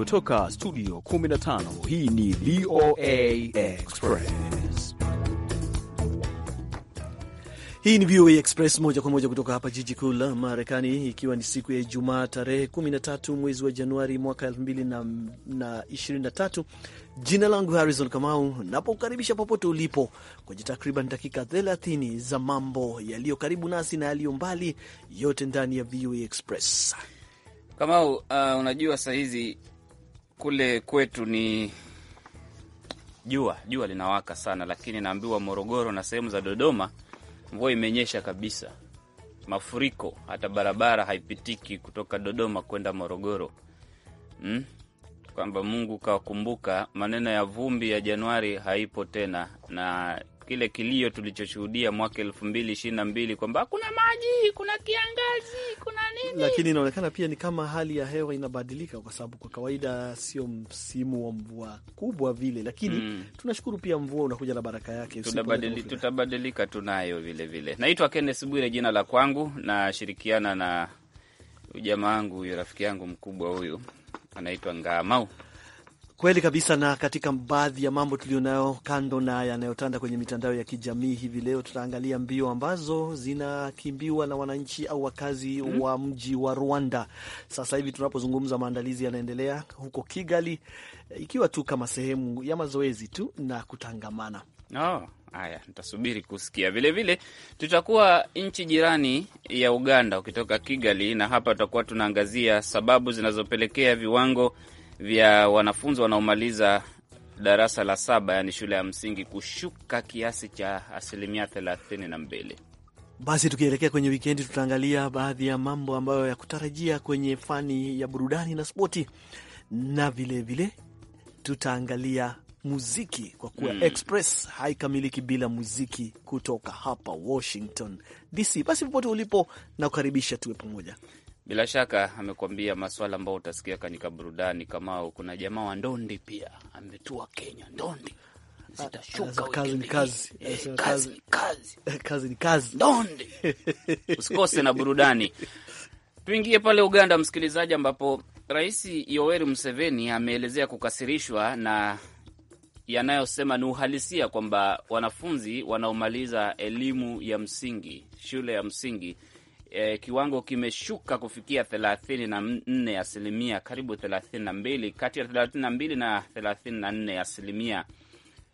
kutoka studio 15 hii ni VOA Express. Hii ni VOA Express moja kwa moja kutoka hapa jiji kuu la Marekani, ikiwa ni siku ya Ijumaa tarehe 13 mwezi wa Januari mwaka 2023. Jina langu Harrison Kamau, napokaribisha popote ulipo kwenye takriban dakika 30 za mambo yaliyo karibu nasi na yaliyo mbali, yote ndani ya VOA Express. Kamau, uh, unajua saa hizi kule kwetu ni jua jua linawaka sana, lakini naambiwa Morogoro na sehemu za Dodoma mvua imenyesha kabisa, mafuriko, hata barabara haipitiki kutoka Dodoma kwenda Morogoro hmm? Kwamba Mungu kawakumbuka maneno ya vumbi ya Januari haipo tena, na kile kilio tulichoshuhudia mwaka elfu mbili ishirini na mbili kwamba kuna maji, kuna kiangazi, kuna nini, lakini inaonekana pia ni kama hali ya hewa inabadilika, kwa sababu kwa kawaida sio msimu wa mvua kubwa vile, lakini mm, tunashukuru pia mvua unakuja na baraka yake, tutabadilika tunayo vilevile. Naitwa Kennes Bwire jina la kwangu, nashirikiana na ujamaa wangu huyu, rafiki yangu mkubwa huyu anaitwa Ngamau. Kweli kabisa. Na katika baadhi ya mambo tulionayo, kando na yanayotanda kwenye mitandao ya kijamii hivi leo, tutaangalia mbio ambazo zinakimbiwa na wananchi au wakazi mm, wa mji wa Rwanda. Sasa hivi tunapozungumza, maandalizi yanaendelea huko Kigali, ikiwa tu kama sehemu ya mazoezi tu na kutangamana. Oh, haya nitasubiri kusikia. Vilevile tutakuwa nchi jirani ya Uganda ukitoka Kigali, na hapa tutakuwa tunaangazia sababu zinazopelekea viwango vya wanafunzi wanaomaliza darasa la saba yaani shule ya msingi kushuka kiasi cha asilimia thelathini na mbili. Basi tukielekea kwenye wikendi, tutaangalia baadhi ya mambo ambayo ya kutarajia kwenye fani ya burudani na spoti, na vilevile tutaangalia muziki kwa kuwa mm, Express haikamiliki bila muziki kutoka hapa Washington DC. Basi popote ulipo, na kukaribisha tuwe pamoja bila shaka amekuambia maswala ambayo utasikia katika burudani. Kamao, kuna jamaa wa ndondi pia ametua Kenya, ndondi eh, kazi ni kazi. kazi, kazi. Eh, kazi ni kazi ndondi usikose na burudani. Tuingie pale Uganda, msikilizaji, ambapo Rais Yoweri Museveni ameelezea kukasirishwa na yanayosema ni uhalisia kwamba wanafunzi wanaomaliza elimu ya msingi, shule ya msingi e, kiwango kimeshuka kufikia thelathini na nne asilimia karibu thelathini na mbili kati ya thelathini na mbili na thelathini na nne asilimia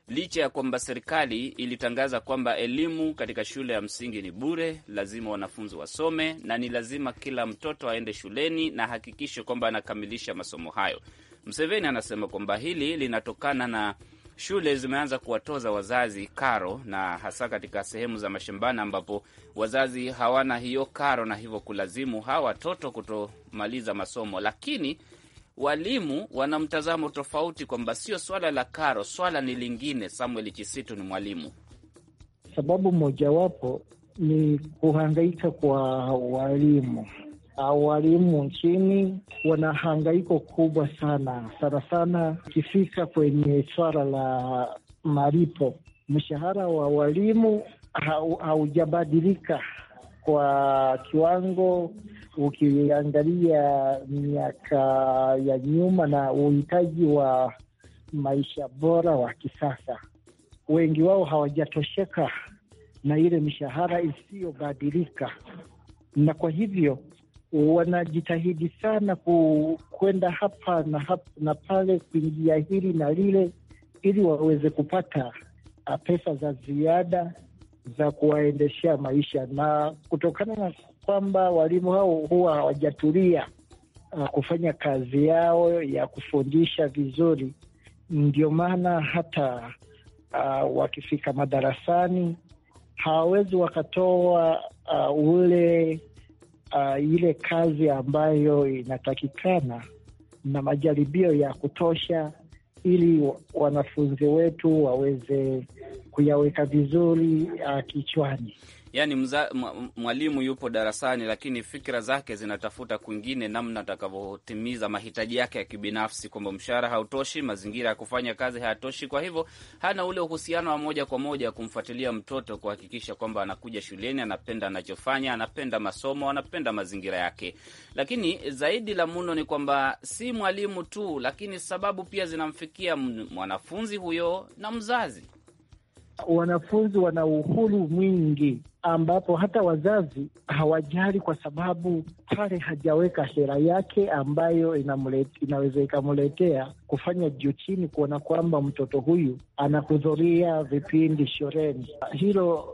licha ya kwamba serikali ilitangaza kwamba elimu katika shule ya msingi ni bure, lazima wanafunzi wasome na ni lazima kila mtoto aende shuleni na hakikishe kwamba anakamilisha masomo hayo. Mseveni anasema kwamba hili linatokana na shule zimeanza kuwatoza wazazi karo, na hasa katika sehemu za mashambani ambapo wazazi hawana hiyo karo, na hivyo kulazimu hawa watoto kutomaliza masomo. Lakini walimu wana mtazamo tofauti, kwamba sio swala la karo, swala ni lingine. Samuel Chisitu ni mwalimu. Sababu mojawapo ni kuhangaika kwa walimu Ah, walimu nchini wana hangaiko kubwa sana sana sana, ikifika kwenye swala la malipo. Mshahara wa walimu haujabadilika kwa kiwango ukiangalia miaka ya nyuma na uhitaji wa maisha bora wa kisasa. Wengi wao hawajatosheka na ile mishahara isiyobadilika, na kwa hivyo wanajitahidi sana kwenda hapa na hapa na pale, kuingia hili na lile, ili waweze kupata ah, pesa za ziada za kuwaendeshea maisha, na kutokana na kwamba walimu hao huwa hawajatulia ah, kufanya kazi yao ya kufundisha vizuri, ndio maana hata uh, wakifika madarasani hawawezi wakatoa uh, ule uh, ile kazi ambayo inatakikana na majaribio ya kutosha, ili wanafunzi wetu waweze kuyaweka vizuri uh, kichwani yani mwalimu yupo darasani, lakini fikira zake zinatafuta kwingine, namna atakavyotimiza mahitaji yake ya kibinafsi, kwamba mshahara hautoshi, mazingira ya kufanya kazi hayatoshi. Kwa hivyo hana ule uhusiano wa moja kwa moja kumfuatilia mtoto, kuhakikisha kwamba anakuja shuleni, anapenda anachofanya, anapenda masomo, anapenda mazingira yake. Lakini zaidi la muno ni kwamba si mwalimu tu, lakini sababu pia zinamfikia mwanafunzi huyo na mzazi wanafunzi wana uhuru mwingi, ambapo hata wazazi hawajali, kwa sababu pale hajaweka hera yake ambayo inaweza ikamletea kufanya juu chini, kuona kwamba mtoto huyu anahudhuria vipindi shuleni. Hilo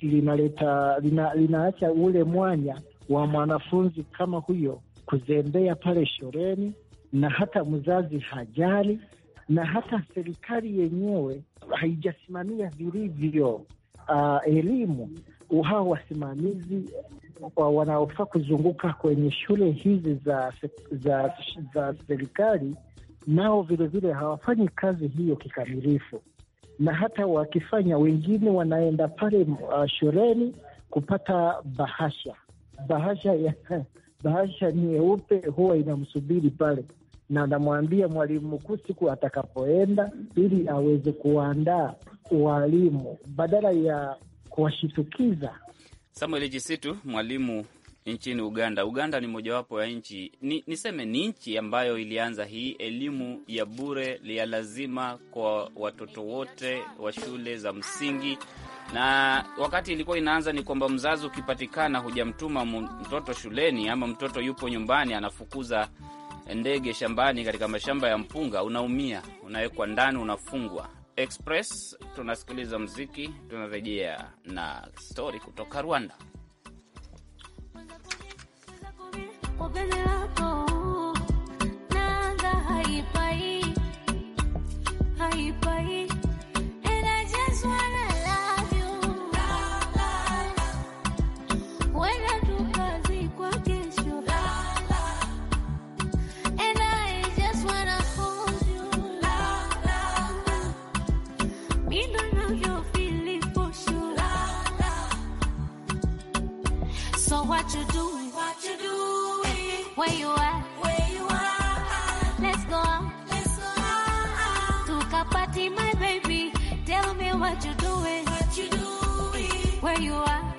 linaleta lina, linaacha ule mwanya wa mwanafunzi kama huyo kuzembea pale shuleni, na hata mzazi hajali, na hata serikali yenyewe haijasimamia vilivyo uh, elimu hawa wasimamizi uh, wanaofaa kuzunguka kwenye shule hizi za za za serikali, nao vilevile hawafanyi kazi hiyo kikamilifu, na hata wakifanya, wengine wanaenda pale uh, shuleni kupata bahasha bahasha ya bahasha nyeupe huwa inamsubiri pale na namwambia mwalimu mkuu siku atakapoenda, ili aweze kuandaa walimu badala ya kuwashitukiza. Samuel Jisitu, mwalimu nchini Uganda. Uganda ni mojawapo ya nchi ni, niseme ni nchi ambayo ilianza hii elimu ya bure ya lazima kwa watoto wote wa shule za msingi, na wakati ilikuwa inaanza ni kwamba mzazi ukipatikana hujamtuma mtoto shuleni ama mtoto yupo nyumbani, anafukuza ndege shambani, katika mashamba ya mpunga, unaumia, unawekwa ndani, unafungwa. Express tunasikiliza mziki, tunarejea na stori kutoka Rwanda. where you are, where you are. Let's go out, let's go out. a party, my baby. Tell me what you doing, what you doing, where you are.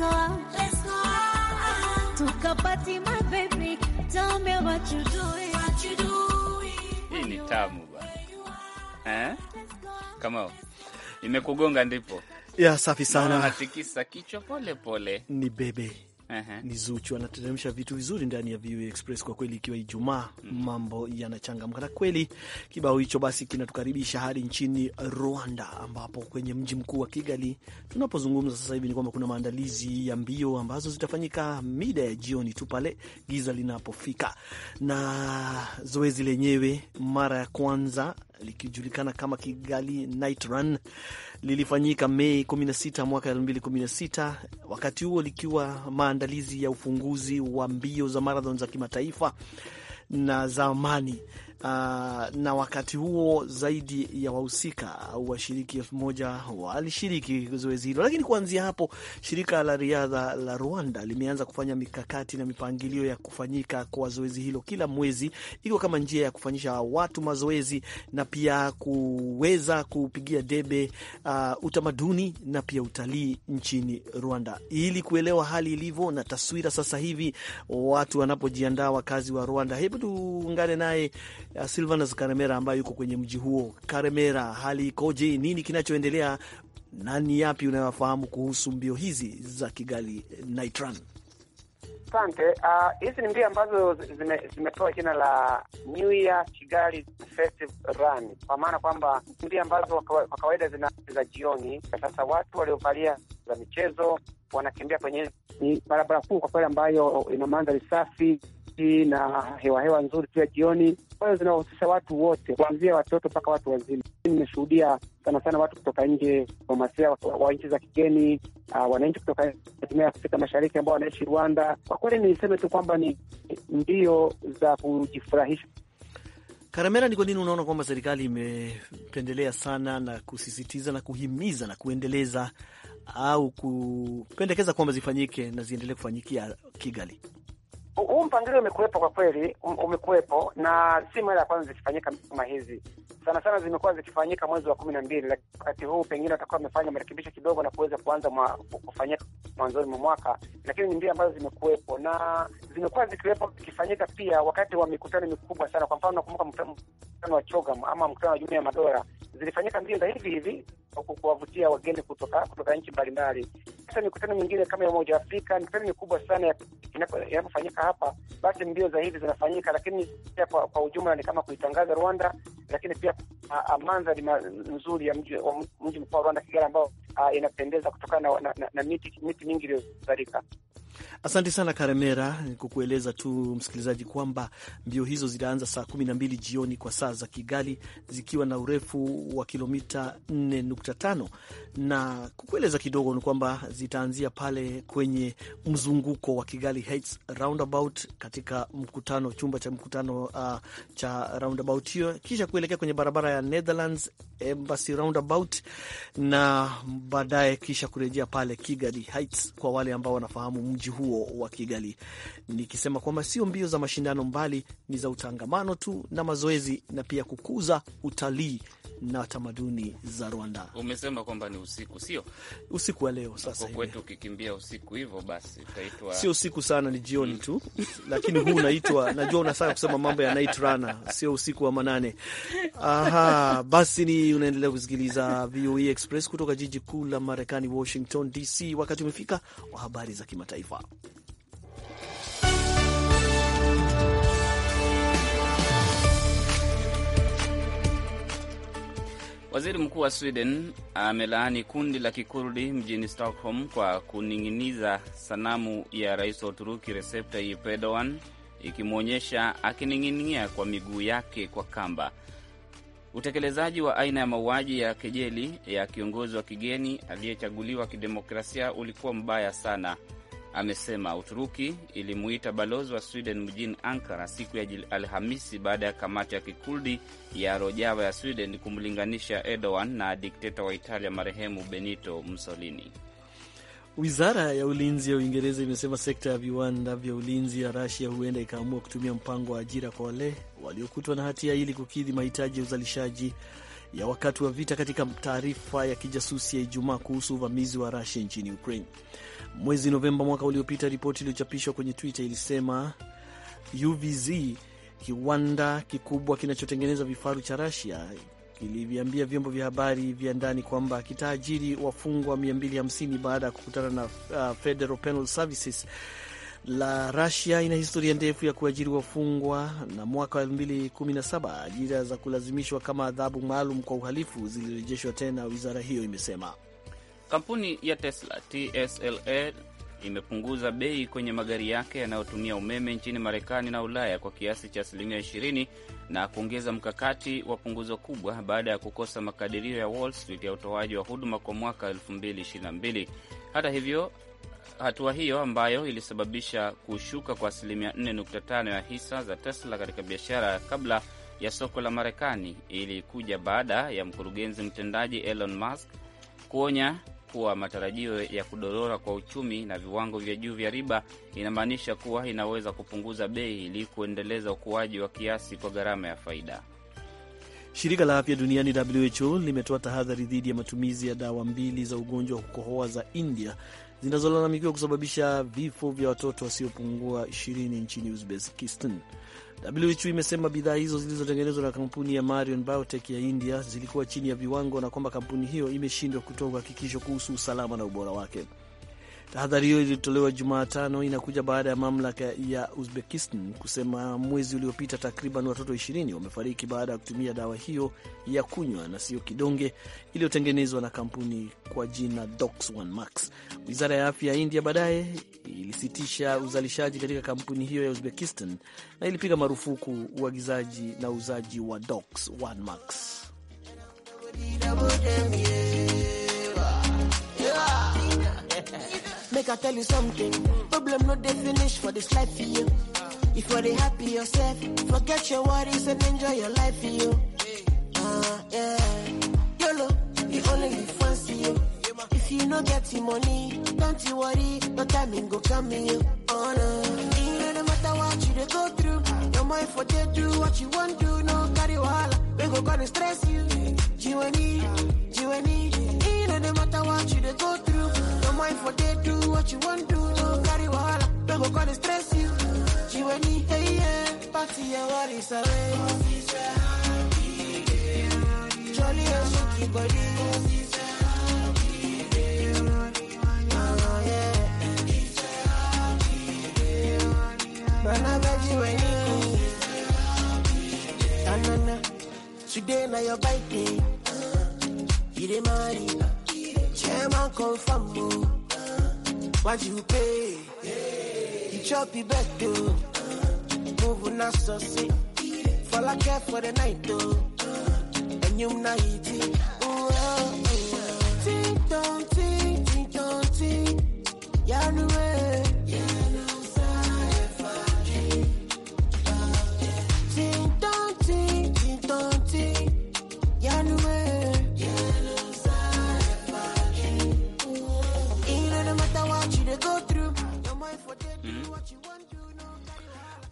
go out, let's go out. Talk about it, my baby. Tell me what you what you Hii ni tamu bwana. Eh? imekugonga ndipo. Ya safi sana. Anatikisa kichwa pole pole. Ni bebe. -huh. ni Zuchu anateremsha vitu vizuri ndani ya VOA Express kwa kweli, ikiwa Ijumaa mm mambo yanachangamka na kweli. Kibao hicho basi kinatukaribisha hadi nchini Rwanda, ambapo kwenye mji mkuu wa Kigali tunapozungumza sasa hivi ni kwamba kuna maandalizi ya mbio ambazo zitafanyika mida ya jioni tu pale giza linapofika, na zoezi lenyewe mara ya kwanza likijulikana kama Kigali Night Run lilifanyika Mei 16 mwaka 2016, wakati huo likiwa maandalizi ya ufunguzi wa mbio za marathon za kimataifa na za amani uh, na wakati huo zaidi ya wahusika au washiriki elfu moja walishiriki zoezi hilo, lakini kuanzia hapo shirika la riadha la Rwanda limeanza kufanya mikakati na mipangilio ya kufanyika kwa zoezi hilo kila mwezi, ikiwa kama njia ya kufanyisha watu mazoezi na pia kuweza kupigia debe uh, utamaduni na pia utalii nchini Rwanda ili kuelewa hali ilivyo na taswira sasa hivi watu wanapojiandaa, wakazi wa Rwanda. Hebu tuungane naye Eh, Silvanus Karemera ambaye yuko kwenye mji huo. Karemera, hali ikoje? Nini kinachoendelea nani yapi unayofahamu kuhusu mbio hizi za Kigali Nitran? Asante. Ah, hizi uh, ni mbio ambazo zimepewa zime jina la New Year Kigali Festive Run, kwa maana kwamba mbio ambazo kwa kawaida zina za jioni. Sasa watu waliovalia za michezo wanakimbia kwenye barabara kuu kwa kweli, ambayo ina mandhari safi safi na hewa hewa nzuri pia jioni, ambayo zinawahusisha watu wote, kuanzia watoto mpaka watu wazima. Nimeshuhudia sana sana watu kutoka nje, wamasia wa nchi za kigeni, uh, wananchi kutoka jumuiya ya Afrika Mashariki ambao wanaishi Rwanda. Kwa kweli niseme tu kwamba ni mbio za kujifurahisha. Karamera, ni kwa nini unaona kwamba serikali imependelea sana na kusisitiza na kuhimiza na kuendeleza au kupendekeza kwamba zifanyike na ziendelee kufanyikia Kigali? huu mpangilio umekuwepo kwa kweli, um, umekuwepo na si mara ya kwanza zikifanyika kama hizi. Sana sana zimekuwa zikifanyika mwezi wa kumi na mbili, lakini wakati huu pengine watakuwa wamefanya marekebisho kidogo na kuweza kuanza mwa, kufanyika mwanzoni mwa mwaka, lakini ni mbio ambazo zimekuwepo na zimekuwa zikiwepo zikifanyika pia wakati wa mikutano mikubwa sana. Kwa mfano, nakumbuka mkutano wa Chogam ama mkutano wa Jumuiya ya Madola zilifanyika mbio za hivi hivi kuwavutia wageni kutoka kutoka nchi mbalimbali. Sasa mikutano mingine kama ya Umoja wa Afrika, mikutano mikubwa sana inapofanyika hapa, basi mbio za hivi zinafanyika, lakini pia kwa, kwa ujumla ni kama kuitangaza Rwanda, lakini pia mandhari nzuri ya mji mkuu wa Rwanda Kigali, ambao inapendeza kutokana na, na, na, na miti miti mingi iliyozalika. Asante sana Karemera, kukueleza tu msikilizaji kwamba mbio hizo zitaanza saa mbili jioni kwa saa za Kigali, zikiwa na urefu wa kilomita 4.5 na kukueleza kidogo ni kwamba zitaanzia pale kwenye mzunguko wa Kigali Heights roundabout katika mkutano, chumba cha mkutano uh, cha roundabout hiyo, kisha kuelekea kwenye barabara ya Netherlands Embassy Roundabout na baadaye kisha kurejea pale Kigali Heights kwa wale ambao wanafahamu mji huo wa Kigali, nikisema kwamba sio mbio za mashindano mbali, ni za utangamano tu na mazoezi na pia kukuza utalii na tamaduni za Rwanda. Umesema kwamba ni usiku, sio usiku wa leo. Sasa kwetu ukikimbia usiku hivyo basi utaitwa sio usiku sana, ni jioni mm. tu lakini huu unaitwa, najua unasaka kusema mambo ya night runner, sio usiku wa manane. Aha, basi ni hii unaendelea kusikiliza VOA e Express kutoka jiji kuu la Marekani, Washington DC. Wakati umefika wa habari za kimataifa. Waziri mkuu wa Sweden amelaani kundi la kikurdi mjini Stockholm kwa kuning'iniza sanamu ya rais wa Uturuki Recep Tayyip Erdogan, ikimwonyesha akining'inia kwa miguu yake kwa kamba. Utekelezaji wa aina ya mauaji ya kejeli ya kiongozi wa kigeni aliyechaguliwa kidemokrasia ulikuwa mbaya sana, amesema. Uturuki ilimuita balozi wa Sweden mjini Ankara siku ya Alhamisi baada ya kamati ya kikurdi ya Rojava ya Sweden kumlinganisha Erdogan na dikteta wa Italia marehemu Benito Mussolini. Wizara ya ulinzi ya Uingereza imesema sekta ya viwanda vya ulinzi ya Rasia huenda ikaamua kutumia mpango wa ajira kwa wale waliokutwa na hatia ili kukidhi mahitaji ya uzalishaji ya wakati wa vita, katika taarifa ya kijasusi ya Ijumaa kuhusu uvamizi wa Rasia nchini Ukraine. Mwezi Novemba mwaka uliopita, ripoti iliyochapishwa kwenye Twitter ilisema UVZ kiwanda kikubwa kinachotengeneza vifaru cha Rasia kiliviambia vyombo vya habari vya ndani kwamba kitaajiri wafungwa 250 baada ya kukutana na uh, Federal Penal Services la Russia ina historia ndefu ya kuajiri wafungwa, na mwaka wa 2017 ajira za kulazimishwa kama adhabu maalum kwa uhalifu zilirejeshwa tena, wizara hiyo imesema. Kampuni ya Tesla TSLA imepunguza bei kwenye magari yake yanayotumia umeme nchini Marekani na Ulaya kwa kiasi cha asilimia 20 na kuongeza mkakati wa punguzo kubwa baada ya kukosa makadirio ya Wall Street ya utoaji wa huduma kwa mwaka 2022. Hata hivyo, hatua hiyo ambayo ilisababisha kushuka kwa asilimia 4.5 ya hisa za Tesla katika biashara kabla ya soko la Marekani ilikuja baada ya mkurugenzi mtendaji Elon Musk kuonya kuwa matarajio ya kudorora kwa uchumi na viwango vya juu vya riba inamaanisha kuwa inaweza kupunguza bei ili kuendeleza ukuaji wa kiasi kwa gharama ya faida. Shirika la afya duniani WHO limetoa tahadhari dhidi ya matumizi ya dawa mbili za ugonjwa wa kukohoa za India zinazolalamikiwa kusababisha vifo vya watoto wasiopungua 20 nchini Uzbekistan. WHO imesema bidhaa hizo zilizotengenezwa na kampuni ya Marion Biotech ya India zilikuwa chini ya viwango na kwamba kampuni hiyo imeshindwa kutoa uhakikisho kuhusu usalama na ubora wake. Tahadhari hiyo ilitolewa Jumatano, inakuja baada ya mamlaka ya Uzbekistan kusema mwezi uliopita takriban watoto 20 wamefariki baada ya kutumia dawa hiyo ya kunywa na siyo kidonge iliyotengenezwa na kampuni kwa jina Dox1 Max. Wizara ya afya ya India baadaye ilisitisha uzalishaji katika kampuni hiyo ya Uzbekistan na ilipiga marufuku uagizaji na uuzaji wa Dox1 Max. Make I tell you something. Problem no they finish for this life for you. If you're happy yourself, forget your worries and enjoy your life for you. Uh, yeah. YOLO, you only live once for you. If you no get your money, don't you worry, no time go come in you. Oh no. You no matter what you go through, no mind for they do what you want to, no carry wahala, we go gonna stress you. You and no matter what you go through. mind for day, do what you want to. Don't carry wahala, don't go call stress you. She when he, hey, yeah, party your worries away. Jolly and shaky body. Bana veggie when you. Na na na, today na your bike day. You dey marry. Them confirm you, What you pay? Hey. You chop it back though. Moving on so sick. Fall I care for the night though. And you not eating.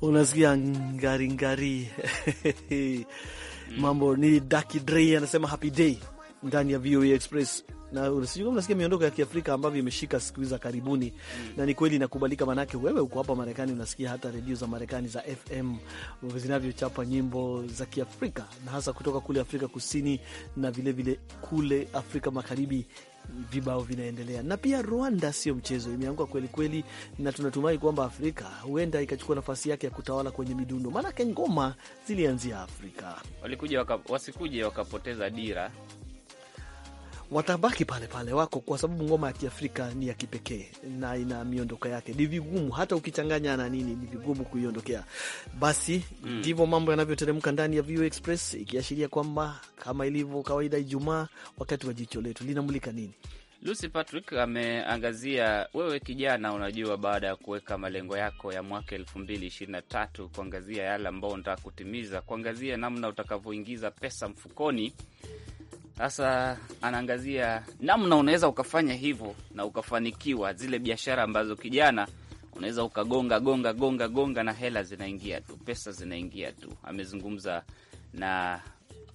unasikia ngaringari mambo ni Daki Dre anasema happy day ndani ya VOA Express na sijui unasikia miondoko ya Kiafrika ambavyo imeshika siku za karibuni mm. Na ni kweli inakubalika, maanake wewe uko hapa Marekani, unasikia hata redio za Marekani za FM zinavyochapa nyimbo za Kiafrika na hasa kutoka kule Afrika Kusini na vilevile vile kule Afrika Magharibi vibao vinaendelea, na pia Rwanda sio mchezo, imeanguka kweli kweli, na tunatumai kwamba Afrika huenda ikachukua nafasi yake ya kutawala kwenye midundo, maanake ngoma zilianzia Afrika. Walikuja waka, wasikuje wakapoteza dira watabaki pale pale wako, kwa sababu ngoma ya Kiafrika ni ya kipekee na ina miondoko yake, ni vigumu hata ukichanganya na nini, ni vigumu kuiondokea. Basi mm. ndivyo mm, mambo yanavyoteremka ndani ya VOA Express, ikiashiria kwamba kama ilivyo kawaida Ijumaa, wakati wa jicho letu linamulika nini Lucy Patrick ameangazia wewe kijana, unajua, baada ya kuweka malengo yako ya mwaka elfu mbili ishirini na tatu, kuangazia yale ambao unataka kutimiza, kuangazia namna utakavyoingiza pesa mfukoni sasa anaangazia namna unaweza ukafanya hivyo na ukafanikiwa, zile biashara ambazo kijana unaweza ukagonga gonga gonga gonga na hela zinaingia tu, pesa zinaingia tu. Amezungumza na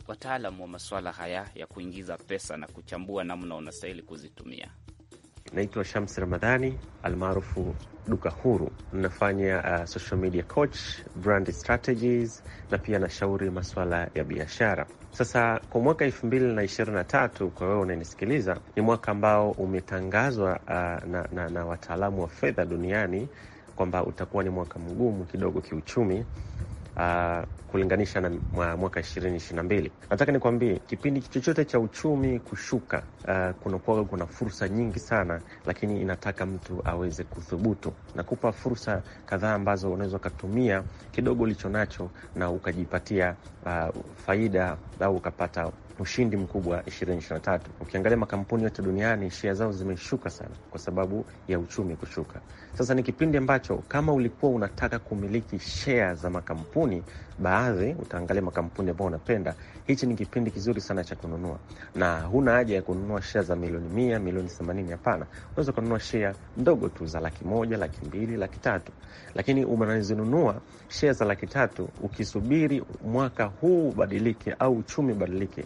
wataalamu wa masuala haya ya kuingiza pesa na kuchambua namna unastahili kuzitumia. Naitwa Shams Ramadhani almaarufu Duka Huru. Nafanya uh, social media coach, brand strategies na pia nashauri maswala ya biashara. Sasa kwa mwaka elfu mbili na ishirini na tatu, kwa wewe unanisikiliza, ni mwaka ambao umetangazwa uh, na, na, na wataalamu wa fedha duniani kwamba utakuwa ni mwaka mgumu kidogo kiuchumi uh, kulinganisha na mwaka ishirini ishirini na mbili. Nataka nikwambie kipindi chochote cha uchumi kushuka, uh, kunakuwa kuna fursa nyingi sana, lakini inataka mtu aweze kuthubutu. Nakupa fursa kadhaa ambazo unaweza ukatumia kidogo ulicho nacho na ukajipatia uh, faida au ukapata ushindi mkubwa 2023. Ukiangalia makampuni yote duniani shea zao zimeshuka sana kwa sababu ya uchumi kushuka. Sasa ni kipindi ambacho kama ulikuwa unataka kumiliki shea za makampuni baadhi utaangalia makampuni ambao unapenda. Hichi ni kipindi kizuri sana cha kununua, na huna haja ya kununua shea za milioni mia, milioni themanini. Hapana, unaweza ukanunua shea ndogo tu za laki moja, laki mbili, laki tatu, lakini unazinunua shea za laki tatu ukisubiri mwaka huu ubadilike au uchumi ubadilike.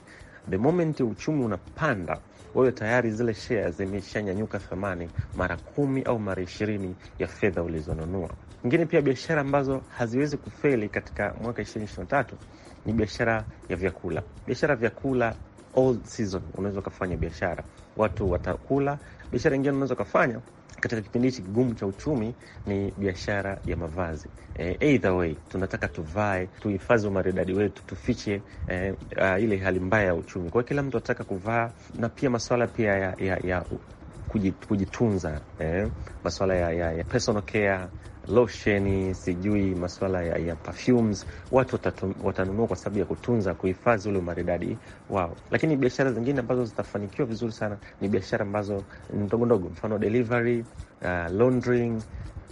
The moment uchumi unapanda wewe tayari zile shea zimeshanyanyuka thamani mara kumi au mara ishirini ya fedha ulizonunua. Ingine pia biashara ambazo haziwezi kufeli katika mwaka ishirini ishirini na tatu ni biashara ya vyakula. Biashara ya vyakula all season unaweza ukafanya biashara, watu watakula. Biashara ingine unaweza ukafanya katika kipindi hichi kigumu cha uchumi ni biashara ya mavazi. E, either way tunataka tuvae, tuhifadhi umaridadi wetu, tufiche e, eh, a, ah, ile hali mbaya ya uchumi. Kwa hiyo kila mtu anataka kuvaa, na pia masuala pia ya, ya, ya kujitunza eh, masuala ya, ya, ya personal care losheni, sijui masuala ya, ya perfumes, watu watanunua kwa sababu ya kutunza, kuhifadhi ule umaridadi wao. Lakini biashara zingine ambazo zitafanikiwa vizuri sana ni biashara ambazo ndogo ndogo, mfano delivery uh, laundering,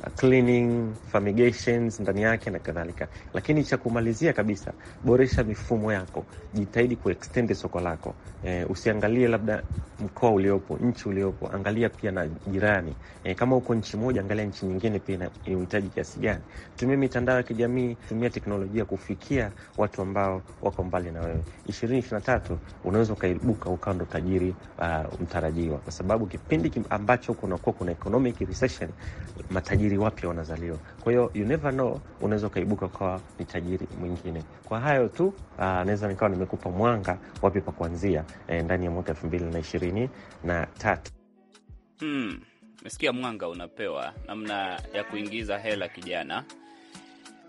uh, cleaning, fumigations ndani yake na kadhalika. Lakini cha kumalizia kabisa, boresha mifumo yako, jitahidi kuextend soko lako. E, usiangalie labda mkoa uliopo, nchi uliopo, angalia pia na jirani. E, kama uko nchi moja, angalia nchi nyingine pia inahitaji kiasi gani. Tumia mitandao ya kijamii, tumia teknolojia kufikia watu ambao wako mbali na wewe. ishirini ishirini na tatu unaweza ukaibuka ukawa ndo tajiri uh, mtarajiwa, kwa sababu kipindi ambacho kunakuwa kuna economic hiki recession matajiri wapya wanazaliwa. Kwa hiyo you never know, unaweza ukaibuka ukawa ni tajiri mwingine. Kwa hayo tu ah, naweza nikawa nimekupa mwanga wapi pa kuanzia e, ndani ya mwaka elfu mbili na ishirini na tatu. Hmm, mesikia mwanga unapewa namna ya kuingiza hela kijana.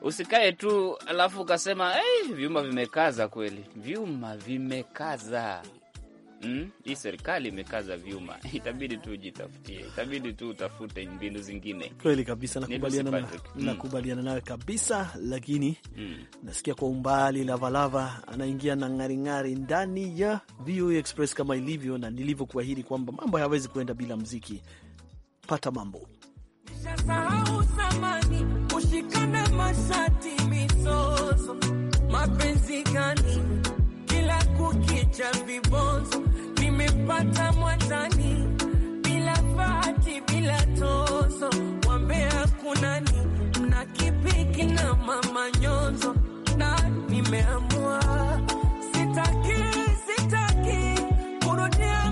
Usikae tu alafu ukasema hey, vyuma vimekaza kweli, vyuma vimekaza. Mm, hii serikali imekaza vyuma, itabidi tu ujitafutie, itabidi tu utafute mbinu zingine. Kweli kabisa, hmm. nakubaliana nawe kabisa, lakini mm, nasikia kwa umbali Lavalava anaingia na ng'aring'ari ndani ya VOA e Express kama ilivyo na nilivyokuahidi kwamba mambo hayawezi kuenda bila mziki. Pata mambo mapenzi gani kila kukicha vibonzo kupata mwatani bila fati bila tozo, wambea kunani, mna kipiki na mama nyonzo, na nimeamua sitaki sitaki kurudia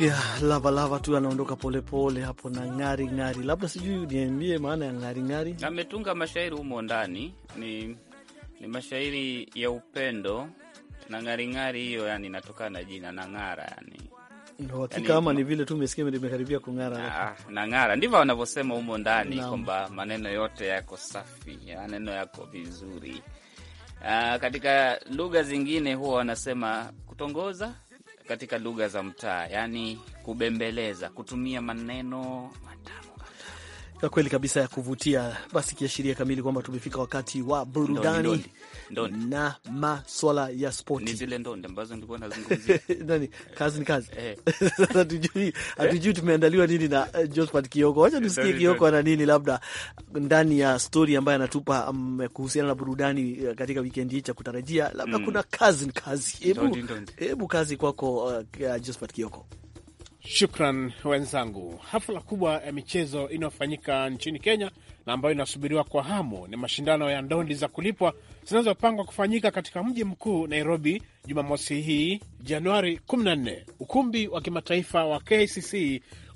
Umemsikia Lavalava tu anaondoka polepole hapo na ng'ari ng'ari, labda sijui niambie maana ya ng'ari ng'ari. Ametunga mashairi humo ndani, ni, ni mashairi ya upendo na ng'ari ng'ari hiyo, yani inatokana na jina na ng'ara, yani hakika ama ni vile tu mesikia nimekaribia kung'ara ah, na ng'ara, ndivyo wanavyosema humo ndani kwamba maneno yote yako safi, maneno yako vizuri. Aa, ah, katika lugha zingine huwa wanasema kutongoza katika lugha za mtaa, yaani kubembeleza, kutumia maneno matamu ya kweli kabisa ya kuvutia. Basi kiashiria kamili kwamba tumefika wakati wa burudani na maswala ya spoti. Ni zile ambazo nilikuwa nazungumzia nani, kazi ni kazi. Eh. hatujui tumeandaliwa nini na eh, Josephat Kioko. Wacha eh, tusikie Kioko ana nini labda ndani ya stori ambayo anatupa mm, kuhusiana na burudani katika wikendi hii cha kutarajia, labda mm, kuna kazi ni kazi. Hebu hebu kazi kwako, uh, Josephat Kioko. Shukran wenzangu. Hafla kubwa ya michezo inayofanyika nchini Kenya na ambayo inasubiriwa kwa hamu ni mashindano ya ndondi za kulipwa zinazopangwa kufanyika katika mji mkuu Nairobi Jumamosi hii Januari 14. Ukumbi wa kimataifa wa KCC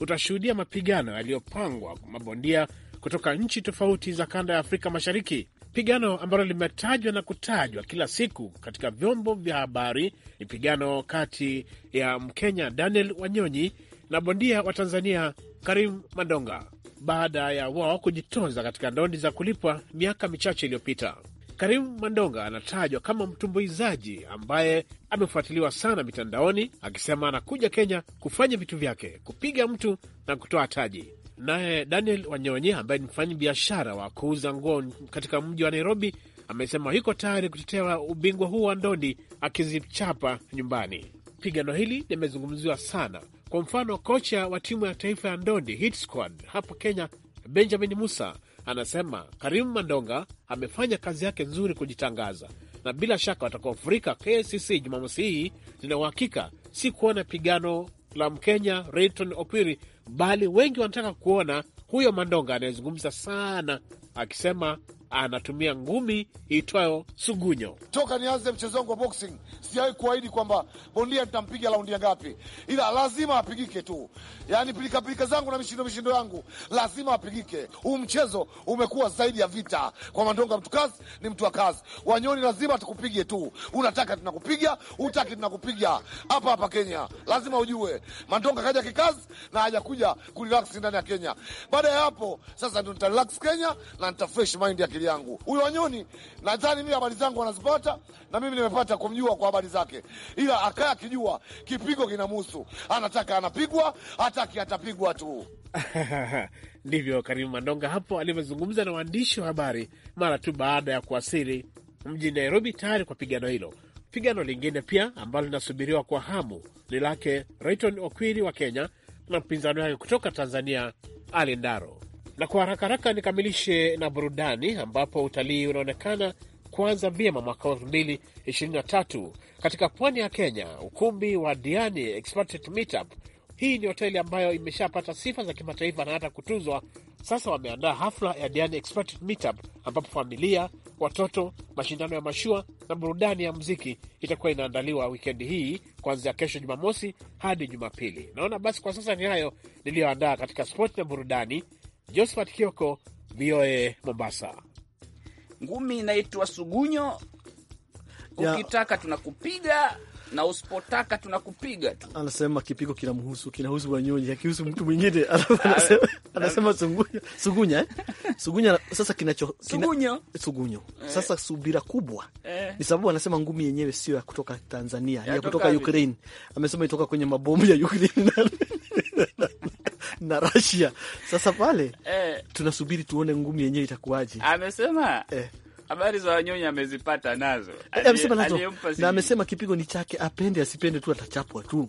utashuhudia mapigano yaliyopangwa mabondia kutoka nchi tofauti za kanda ya Afrika Mashariki Pigano ambalo limetajwa na kutajwa kila siku katika vyombo vya habari ni pigano kati ya Mkenya Daniel Wanyonyi na bondia wa Tanzania Karim Mandonga baada ya wao kujitoza katika ndondi za kulipwa miaka michache iliyopita. Karim Mandonga anatajwa kama mtumbuizaji ambaye amefuatiliwa sana mitandaoni, akisema anakuja Kenya kufanya vitu vyake, kupiga mtu na kutoa taji. Naye Daniel Wanyonyi ambaye ni mfanyi biashara wa kuuza nguo katika mji wa Nairobi amesema yuko tayari kutetea ubingwa huu wa ndondi akizichapa nyumbani. Pigano hili limezungumziwa sana. Kwa mfano, kocha wa timu ya taifa ya ndondi Hit Squad hapa Kenya, Benjamin Musa anasema Karimu Mandonga amefanya kazi yake nzuri kujitangaza, na bila shaka watakaofurika KCC Jumamosi hii lina uhakika si kuona pigano la Mkenya Rayton Opiri bali wengi wanataka kuona huyo Mandonga anayezungumza sana akisema anatumia ngumi itwayo sugunyo. Toka nianze mchezo wangu wa boxing, sijawahi kuahidi kwamba bondia nitampiga raundi ngapi, ila lazima apigike tu. Yani pilikapilika zangu na mishindo mishindo yangu lazima apigike. Huu mchezo umekuwa zaidi ya vita, kwa Mandonga mtu kazi ni mtu wa kazi. Wanyoni lazima tukupige tu, unataka tunakupiga, utaki tunakupiga. Hapa hapa Kenya lazima ujue Mandonga kaja kikazi na hajakuja kurelax ndani ya Kenya. Baada ya hapo sasa ndo nitarelax Kenya na nitafresh mind ya Kenya akili yangu. Huyu Wanyuni nadhani mimi habari zangu wanazipata, na mimi nimepata kumjua kwa habari zake, ila akaa akijua kipigo kinamhusu, anataka anapigwa, hataki atapigwa tu. Ndivyo Karimu Mandonga hapo alivyozungumza na waandishi wa habari mara tu baada ya kuwasili mjini Nairobi tayari kwa pigano hilo. Pigano lingine pia ambalo linasubiriwa kwa hamu ni lake Rayton Okwiri wa Kenya na mpinzani wake kutoka Tanzania Ali Ndaro. Na kwa haraka haraka nikamilishe na burudani, ambapo utalii unaonekana kuanza vyema mwaka elfu mbili ishirini na tatu katika pwani ya Kenya, ukumbi wa Diani Expatriate Meetup. Hii ni hoteli ambayo imeshapata sifa za kimataifa na hata kutuzwa. Sasa wameandaa hafla ya Diani Expatriate Meetup ambapo familia, watoto, mashindano ya mashua na burudani ya mziki itakuwa inaandaliwa wikendi hii kuanzia kesho Jumamosi hadi Jumapili. Naona basi kwa sasa ni hayo niliyoandaa katika spoti na burudani. Josephat Kioko, VOA Mombasa. Ngumi inaitwa sugunyo, ukitaka tunakupiga na usipotaka tunakupiga tu. Anasema kipigo kinamhusu, kinahusu wanyonyi, akihusu mtu mwingine. anasema, anasema sugunya, sugunya, Sugunya sasa kinacho kina, sugunyo, sugunyo eh. sasa. Subira kubwa eh, ni sababu anasema ngumi yenyewe sio ya kutoka Tanzania, ya, ya kutoka Ukraine. Amesema itoka kwenye mabomu ya Ukraine na Russia. Sasa pale eh, tunasubiri tuone ngumi yenyewe itakuwaje. Amesema eh, habari za Wanyonyi amezipata nazo, eh, amesema nazo na amesema kipigo ni chake, apende asipende tu atachapwa tu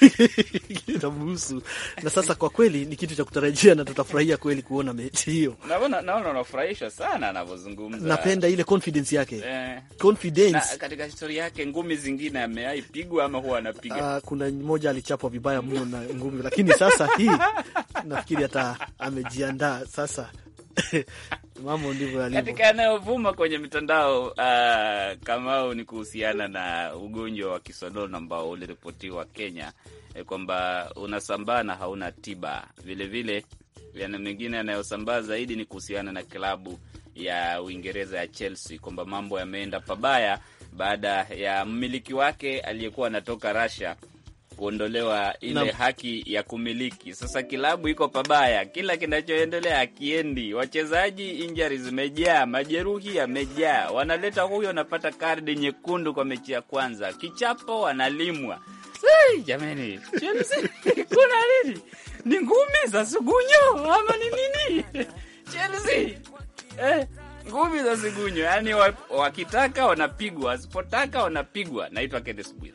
kinamhusu na sasa kwa kweli ni kitu cha kutarajia na tutafurahia kweli kuona mechi hiyo. Naona naona unafurahishwa sana anavyozungumza, napenda ile confidence yake eh, confidence na katika historia yake ngumi zingine ameaipigwa ama huwa anapiga uh, kuna mmoja alichapwa vibaya mno na ngumi, lakini sasa hii nafikiri hata amejiandaa sasa mambo ndivyo yalivyo yaani katika yanayovuma kwenye mitandao uh, au ni kuhusiana na ugonjwa wa kisonono ambao uliripotiwa Kenya eh, kwamba unasambaa na hauna tiba. Vilevile yana mengine yanayosambaa zaidi ni kuhusiana na klabu ya Uingereza ya Chelsea kwamba mambo yameenda pabaya baada ya mmiliki wake aliyekuwa anatoka Russia kuondolewa ile na haki ya kumiliki. Sasa kilabu iko pabaya, kila kinachoendelea akiendi, wachezaji injari zimejaa, majeruhi yamejaa, wanaleta huyo anapata kardi nyekundu kwa mechi ya kwanza, kichapo analimwa. Jamani, kuna nini? Ni ngumi za sugunyo ama ni nini? Chelsea eh, ngumi za sugunyo, yaani wakitaka wanapigwa, wasipotaka wanapigwa. Naitwa Kenes Bwira.